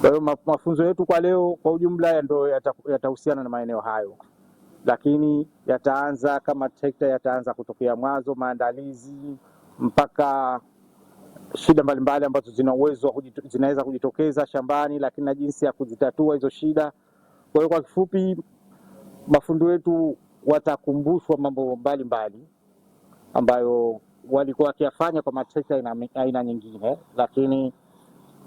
Kwa hiyo mafunzo yetu kwa leo kwa ujumla ndio yatahusiana yata na maeneo hayo, lakini yataanza kama trekta, yataanza kutokea mwanzo, maandalizi mpaka shida mbalimbali ambazo zina uwezo zinaweza kujitokeza shambani, lakini na jinsi ya kuzitatua hizo shida. Kwa hiyo kwa kifupi, mafundi wetu watakumbushwa mambo mbalimbali ambayo walikuwa wakiyafanya kwa matrekta aina nyingine, lakini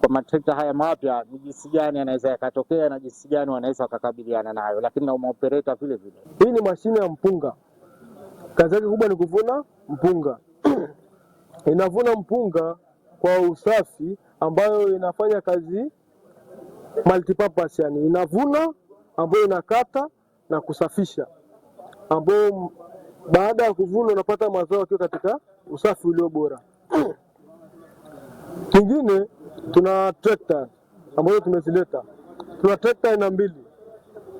kwa matrekta haya mapya ni jinsi gani yanaweza yakatokea na jinsi gani wanaweza wakakabiliana nayo, lakini na umaopereta vile vile. Hii ni mashine ya mpunga, kazi yake kubwa ni kuvuna mpunga inavuna mpunga kwa usafi, ambayo inafanya kazi multipurpose, yani inavuna ambayo inakata na kusafisha, ambayo baada ya kuvuna unapata mazao yakiwa katika usafi ulio bora. Kingine Tuna trekta ambazo tumezileta. Tuna trekta aina mbili,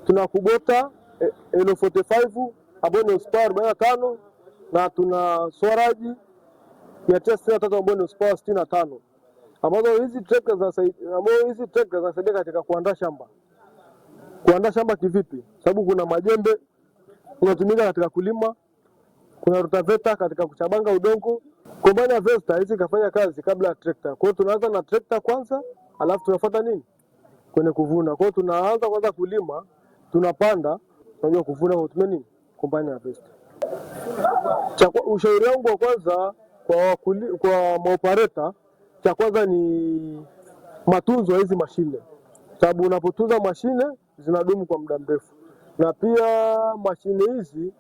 tuna Kubota l eh, 45 ambayo ni horsepower 45 na tuna Swaraji 963 ambayo ni horsepower 65 ambazo hizi trekta zinasaidia katika kuandaa shamba. Kuandaa shamba kivipi? Sababu kuna majembe unatumika katika kulima, kuna rotaveta katika kuchabanga udongo kwa maana Vesta hizi kafanya kazi kabla ya trekta. Kwa hiyo tunaanza na trekta kwanza, alafu tunafuata nini? Kwenye kuvuna. Kwa hiyo tunaanza kwanza kulima, tunapanda, tunajua kuvuna kwa kutumia nini? Kombani ya Vesta. Cha ushauri wangu wa kwanza kwa wakuli, kwa maopareta cha kwanza ni matunzo ya hizi mashine, sababu unapotunza mashine zinadumu kwa muda mrefu, na pia mashine hizi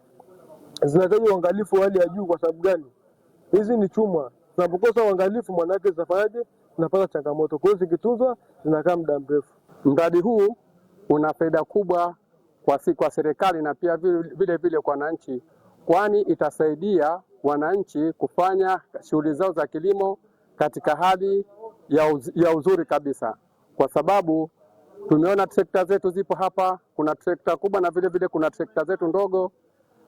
zinahitaji uangalifu wa hali ya juu. Kwa sababu gani? Hizi ni chuma, tunapokosa uangalifu mwanake zitafanyaje? Tunapata changamoto. Kwa hiyo zikitunzwa zinakaa muda mrefu. Mradi huu una faida kubwa kwa, si, kwa serikali na pia vile vile kwa wananchi, kwani itasaidia wananchi kufanya shughuli zao za kilimo katika hali ya, uz, ya uzuri kabisa, kwa sababu tumeona trekta zetu zipo hapa. Kuna trekta kubwa na vile vile kuna trekta zetu ndogo,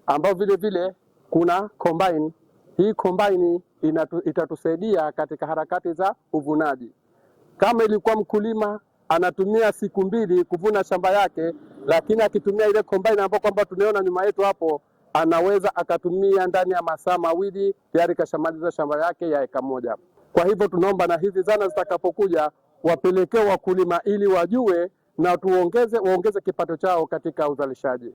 ambao vile vile kuna combine hii kombaini inatu, itatusaidia katika harakati za uvunaji. Kama ilikuwa mkulima anatumia siku mbili kuvuna shamba yake, lakini akitumia ile kombaini ambayo kwamba tunaona nyuma yetu hapo, anaweza akatumia ndani ya masaa mawili tayari kashamaliza shamba yake ya eka moja. Kwa hivyo tunaomba na hizi zana zitakapokuja wapelekee wakulima ili wajue na tuongeze waongeze kipato chao katika uzalishaji.